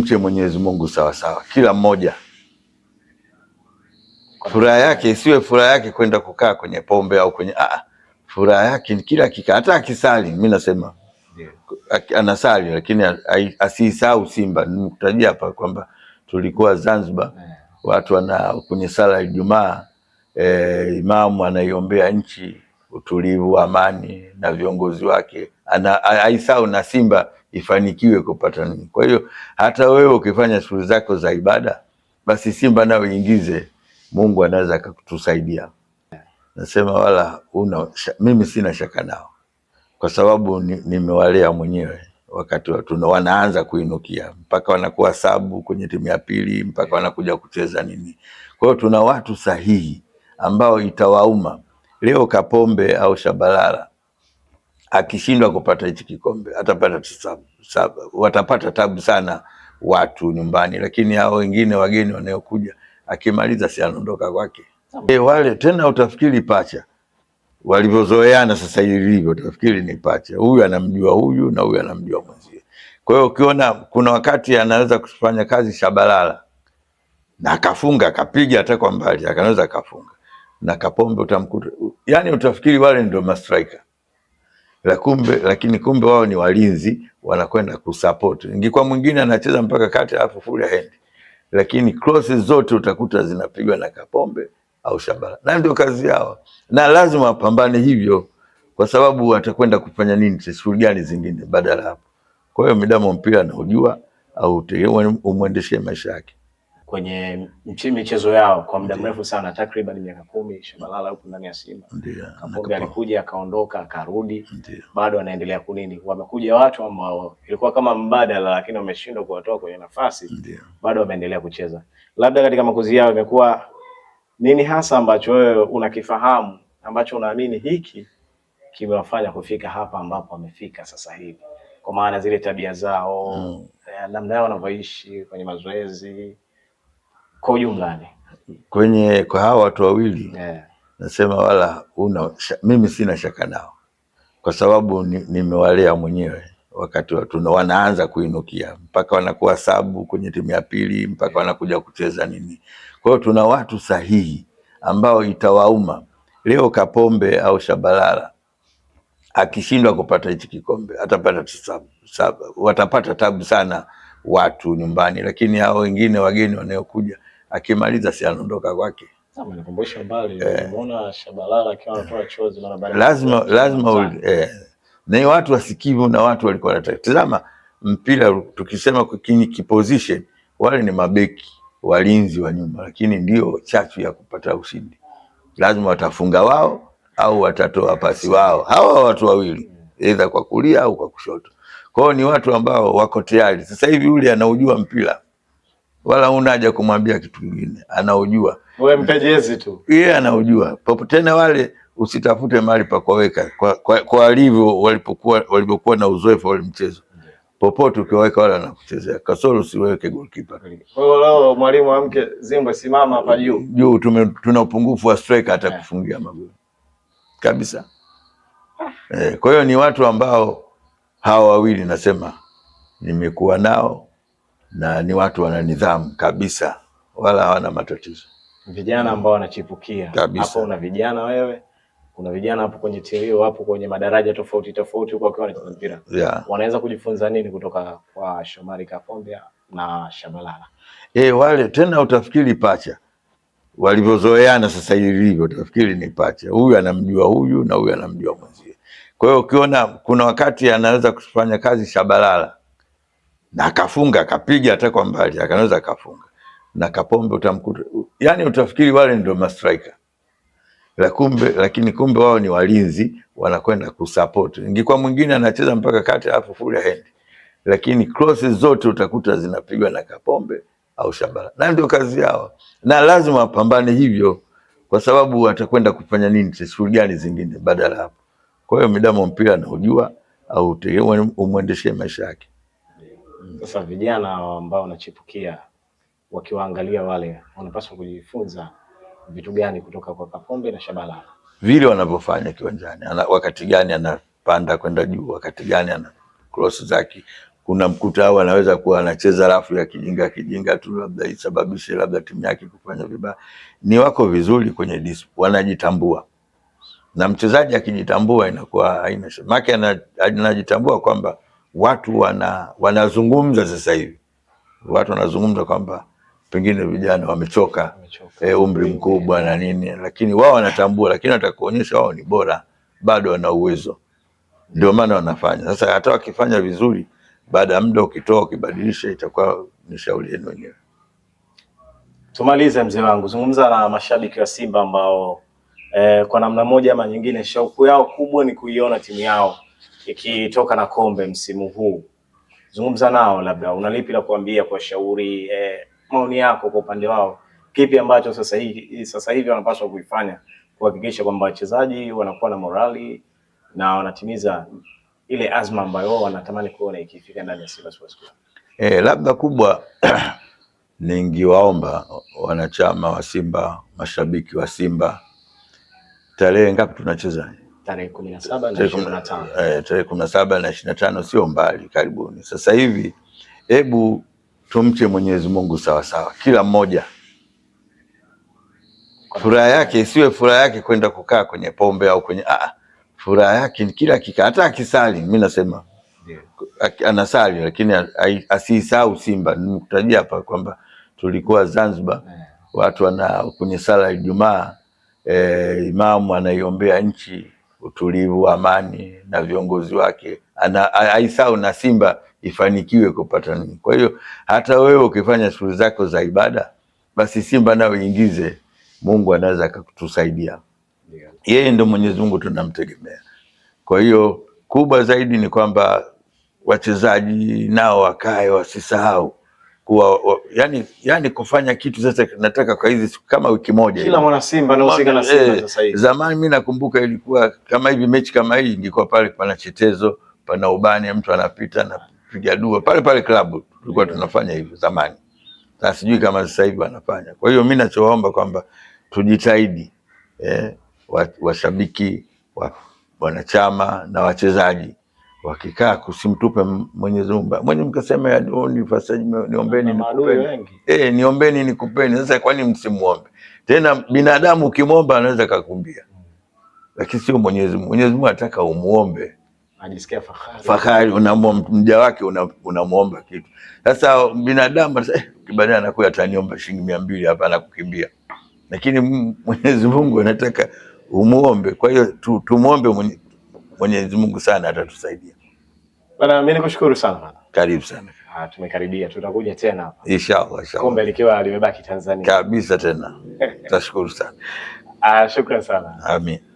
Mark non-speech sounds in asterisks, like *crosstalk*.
Tumche Mwenyezi Mungu sawasawa, kila mmoja furaha yake isiwe furaha yake kwenda kukaa kwenye pombe au kwenye ah, furaha yake ni kila kika, hata akisali. Mi nasema anasali, lakini asiisahau Simba. Nimekutajia hapa kwamba tulikuwa Zanzibar, watu wana kwenye sala ya Ijumaa e, imamu anaiombea nchi utulivu, amani na viongozi wake, aisahau na Simba ifanikiwe kupata nini. Kwa hiyo hata wewe ukifanya shughuli zako za ibada, basi Simba nao ingize, Mungu anaweza akakutusaidia. Nasema wala una, mimi sina shaka nao kwa sababu nimewalea ni mwenyewe wakati watu wanaanza kuinukia mpaka wanakuwa sabu kwenye timu ya pili mpaka wanakuja kucheza nini. Kwa hiyo tuna watu sahihi ambao itawauma leo Kapombe au Shabalala akishindwa kupata hichi kikombe atapata tabu, watapata tabu sana watu nyumbani, lakini hao wengine wageni wanayokuja akimaliza si anaondoka kwake. E, wale tena utafikiri pacha walivyozoeana sasa ilivyo, utafikiri ni pacha. Huyu anamjua huyu na huyu anamjua mwenzie. Kwa hiyo ukiona kuna wakati anaweza kufanya kazi shabalala na akafunga akapiga hata kwa mbali, akanaweza akafunga na Kapombe utamkuta, yani utafikiri wale ndio mastrika la kumbe, lakini kumbe wao ni walinzi wanakwenda kusupport. Ingekuwa mwingine anacheza mpaka kati alafu full hand, lakini crosses zote utakuta zinapigwa na Kapombe au Shabala, na ndio kazi yao, na lazima wapambane hivyo, kwa sababu watakwenda kufanya nini, shughuli gani zingine badala hapo. Kwa hiyo midamo mpira anaujua au umwendeshe maisha yake kwenye michezo yao kwa muda mrefu sana, takriban miaka kumi. Shabalala huko ndani ya Simba, Kapombe alikuja akaondoka akarudi, bado anaendelea kunini. Wamekuja watu ambao ilikuwa kama mbadala, lakini wameshindwa kuwatoa kwenye nafasi, bado wameendelea kucheza. Labda katika makuzi yao imekuwa nini hasa ambacho wewe unakifahamu ambacho unaamini hiki kimewafanya kufika hapa ambapo wamefika sasa hivi, kwa maana zile tabia zao, mm. eh, namna yao wanavyoishi kwenye mazoezi kwa ujumla kwenye kwa hawa watu wawili yeah. Nasema wala una, mimi sina shaka nao kwa sababu nimewalea ni mwenyewe wakati watu wanaanza kuinukia mpaka wanakuwa sabu kwenye timu ya pili mpaka yeah. wanakuja kucheza nini. Kwa hiyo tuna watu sahihi ambao itawauma leo Kapombe au Shabalala akishindwa kupata hichi kikombe atapata tabu, sabu, watapata tabu sana watu nyumbani, lakini hao wengine wageni wanayokuja akimaliza si anaondoka kwake. Eh. Lazima lazima eh. na watu wasikivu na watu walikuwa wanatazama mpira. Tukisema kiposition, wale ni mabeki walinzi wa nyuma, lakini ndio chachu ya kupata ushindi. Lazima watafunga wao au watatoa pasi wao, hawa watu wawili, aidha kwa kulia au kwa kushoto. Kwao ni watu ambao wako tayari sasa hivi, yule anaujua mpira wala una haja kumwambia kitu kingine, anaujua wewe, mtajezi tu yeye, yeah, anaujua popo. Tena wale usitafute mahali pa kuweka kwa, kwa, kwa alivyo walipokuwa walipokuwa na uzoefu wa mchezo popote ukiwaweka wala anakuchezea kasoro, usiweke goalkeeper. Kwa hiyo leo mwalimu amke Zimba, simama hapa juu juu, tuna upungufu wa striker hata eh. kufungia magoli kabisa. Eh, kwa hiyo ni watu ambao hawa wawili nasema nimekuwa nao na ni watu wana nidhamu kabisa, wala hawana matatizo. Vijana ambao wanachipukia hapo, una vijana wewe, kuna vijana hapo kwenye TV hapo kwenye madaraja tofauti tofauti huko wakiwa wanacheza mpira yeah. wanaweza kujifunza nini kutoka kwa Shomari Kapombe na Shabalala? E, eh, wale tena utafikiri pacha walivyozoeana sasa ilivyo, utafikiri ni pacha. Huyu anamjua huyu na huyu anamjua mwenzie. Kwa hiyo ukiona kuna wakati anaweza kufanya kazi Shabalala na akafunga akapiga hata kwa mbali, akanaweza akafunga na Kapombe utamkuta, yani utafikiri wale ndio mastrika la kumbe, lakini kumbe wao ni walinzi wanakwenda kusupport. Ingekuwa mwingine anacheza mpaka kati alafu fuli hand, lakini crosses zote utakuta zinapigwa na Kapombe au Shabala, na ndio kazi yao, na lazima wapambane hivyo, kwa sababu watakwenda kufanya nini, shughuli gani zingine badala hapo. Kwa hiyo midamo mpira anaujua au umwendeshe maisha yake. Sasa vijana ambao wanachipukia wakiwaangalia wale, wanapaswa kujifunza vitu gani kutoka kwa Kapombe na Shabalala, vile wanavyofanya kiwanjani, wakati gani anapanda kwenda juu, wakati gani ana cross zake kuna mkuta au anaweza kuwa anacheza rafu ya kijinga kijinga tu, labda isababishe labda timu yake kufanya vibaya. Ni wako vizuri kwenye discipline, wanajitambua na mchezaji akijitambua inakuwa haina shaka, maana anajitambua kwamba watu wana wanazungumza sasa hivi, watu wanazungumza kwamba pengine vijana wamechoka eh, umri mkubwa na nini, lakini wao wanatambua, lakini wanataka kuonyesha wao ni bora, bado wana uwezo, ndio maana wanafanya. Sasa hata wakifanya vizuri, baada ya muda ukitoa ukibadilisha, itakuwa ni shauri yenu wenyewe. Tumalize mzee wangu, zungumza na mashabiki wa Simba ambao eh, kwa namna moja ama nyingine shauku yao kubwa ni kuiona timu yao ikitoka na kombe msimu huu, zungumza nao, labda unalipi la kuambia kwa shauri eh, maoni yako kwa upande wao, kipi ambacho sasa hivi sasa hivi wanapaswa kuifanya kuhakikisha kwamba wachezaji wanakuwa na morali na wanatimiza ile azma ambayo wanatamani kuona ikifika ndani ya Simba Sports Club. Eh, labda kubwa *clears throat* ningiwaomba wanachama wa Simba, mashabiki wa Simba, tarehe ngapi tunacheza? Eh, tarehe kumi na saba na ishirini na tano sio mbali, karibuni. Sasa hivi hebu tumche Mwenyezi Mungu sawasawa, kila mmoja furaha yake isiwe furaha yake kwenda kukaa kwenye pombe au kwenye ah, furaha yake ni kila kika, hata akisali, mi nasema anasali, lakini asiisahau Simba. Nimekutajia hapa kwamba tulikuwa Zanzibar, eh. watu wana kwenye sala ya Ijumaa, eh, imamu anaiombea nchi utulivu, amani na viongozi wake ana aisau na Simba ifanikiwe kupata nini. Kwa hiyo hata wewe ukifanya shughuli zako za ibada, basi Simba nayo ingize, Mungu anaweza Yeye yeah. Yeye ndo Mwenyezi Mungu tunamtegemea. Kwa hiyo kubwa zaidi ni kwamba wachezaji nao wakae, wasisahau yani, yani kufanya kitu sasa nataka kwa hizi kama wiki moja. Kila mwana Simba usika na Simba sasa hivi. Zamani mimi nakumbuka ilikuwa kama hivi mechi kama hii ingekuwa pale pana chetezo, pana ubani, mtu anapita anapiga dua pale pale klabu tulikuwa yeah, tunafanya hivyo zamani. na sijui kama sasa hivi wanafanya. Kwa hiyo mimi nachowaomba kwamba tujitahidi eh, washabiki wa, wanachama na wachezaji wakikaa kusimtupe Mwenyezi Mungu. Mwenye mkasema yaduni fasaji niombeni nikupeni. Eh, niombeni nikupeni. Sasa kwani msimuombe? Tena binadamu ukimwomba anaweza kakumbia. Lakini sio Mwenyezi Mungu. Mwenyezi Mungu anataka umuombe. Anajisikia fahari. Fahari unamja wake unamuomba kitu. Sasa binadamu sasa eh, kibadala anakuwa ataniomba shilingi 200 hapa na kukimbia. Lakini Mwenyezi Mungu anataka umuombe. Kwa hiyo tu, tumuombe mwenye, Mwenyezi Mungu sana atatusaidia. Bana, mimi nikushukuru sana. Karibu sana. Ah, tumekaribia, tutakuja tena hapa. Inshallah, inshallah. Kombe likiwa limebaki Tanzania. Kabisa tena. *laughs* Tashukuru sana. Ah, shukrani sana. Amin.